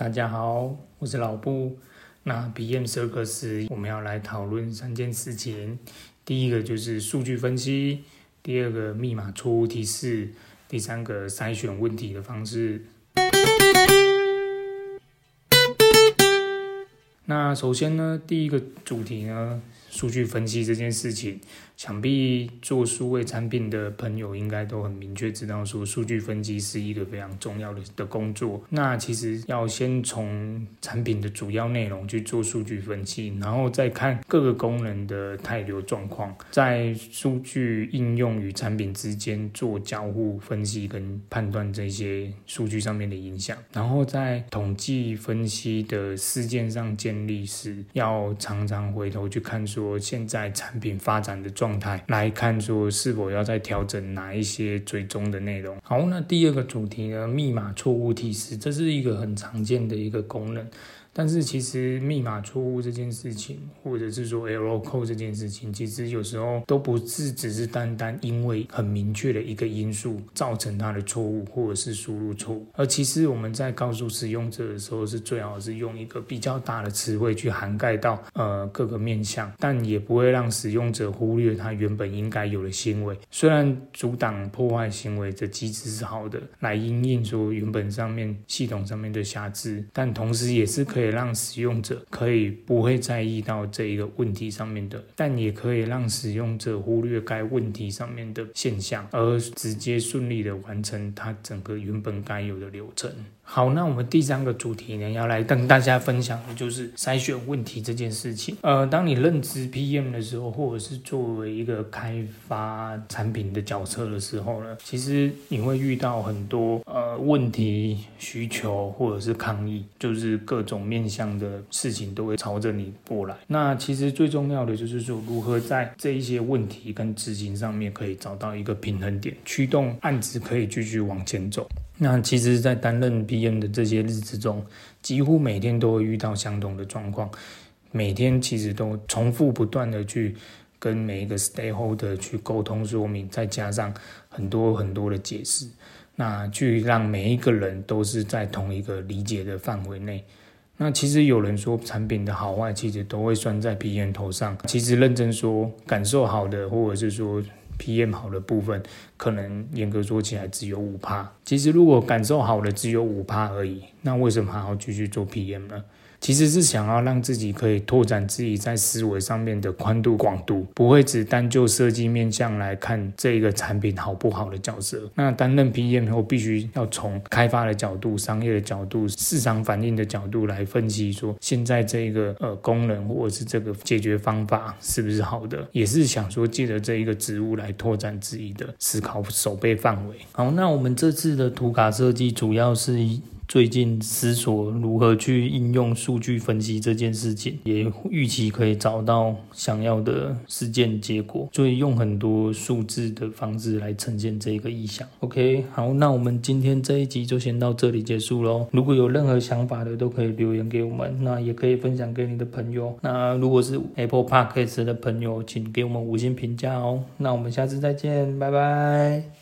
大家好，我是老布。那 PM Circus，我們要來討論三件事情。第一個就是數據分析，第二個密碼錯誤提示，第三個篩選問題的方式。那首先呢，第一個主題呢。數據分析這件事情，想必做數位產品的朋友應該都很明確知道說，數據分析是一個非常重要的的工作。那其實要先從產品的主要內容去做數據分析，然後再看各個功能的態流狀況，在數據應用與產品之間做交互分析跟判斷這些數據上面的影響，然後在統計分析的事件上建立時，要常常回頭去看說，我現在產品發展的狀態來看，說是否要再調整哪一些追蹤的內容。好，那第二個主題呢，密碼錯誤提示，這是一個很常見的一個功能。但是其實密碼錯誤這件事情，或者是說 error code 這件事情，其實有時候都不是只是單單因為很明確的一個因素造成它的錯誤，或者是輸入錯誤。而其實我們在告訴使用者的時候，是最好是用一個比較大的詞彙去涵蓋到呃各個面向，但也不會讓使用者忽略它原本應該有的行為。雖然阻擋破壞行為的機制是好的，來因應說原本上面系統上面的瑕疵，但同時也是可以。讓使用者可以不會在意到這一個問題上面的，但也可以讓使用者忽略該問題上面的現象，而直接順利的完成它整個原本該有的流程。好，那我們第三個主題呢，要來跟大家分享的就是篩選問題這件事情。呃，當你任職 PM 的時候，或者是作為一個開發產品的角色的時候呢，其實你會遇到很多呃問題、需求或者是抗議，就是各種面。面向的事情都會朝着你過來。那其實最重要的就是說，如何在這一些問題跟執行上面可以找到一個平衡點，驅動案子可以繼續往前走。那其實，在擔任 PM 的這些日子中，幾乎每天都會遇到相同的狀況，每天其實都重複不斷的去跟每一個 Stakeholder 去溝通說明，再加上很多很多的解釋，那去讓每一個人都是在同一個理解的範圍內。那其實有人說產品的好壞，其實都會算在 PM 頭上。其實認真說，感受好的，或者是說 PM 好的部分，可能嚴格說起來只有五趴。其實如果感受好了，只有五趴而已，那為什麼還要繼續做 PM 呢？其實是想要讓自己可以拓展自己在思維上面的寬度廣度，不會只單就設計面向來看這個產品好不好的角色。那擔任 PM 後，必須要從開發的角度、商業的角度、市場反應的角度來分析，說現在這個呃功能或者是這個解決方法是不是好的，也是想說借着這一個職務來拓展自己的思考守備範圍。好，那我們這次。的圖卡設計主要是最近思索如何去應用數據分析這件事情，也預期可以找到想要的事件結果，所以用很多數字的方式來呈現這個意象。OK，好，那我們今天這一集就先到這裡結束嘍。如果有任何想法的都可以留言給我們，那也可以分享給你的朋友。那如果是 Apple Podcasts 的朋友，請給我們五星評價哦。那我們下次再見，拜拜。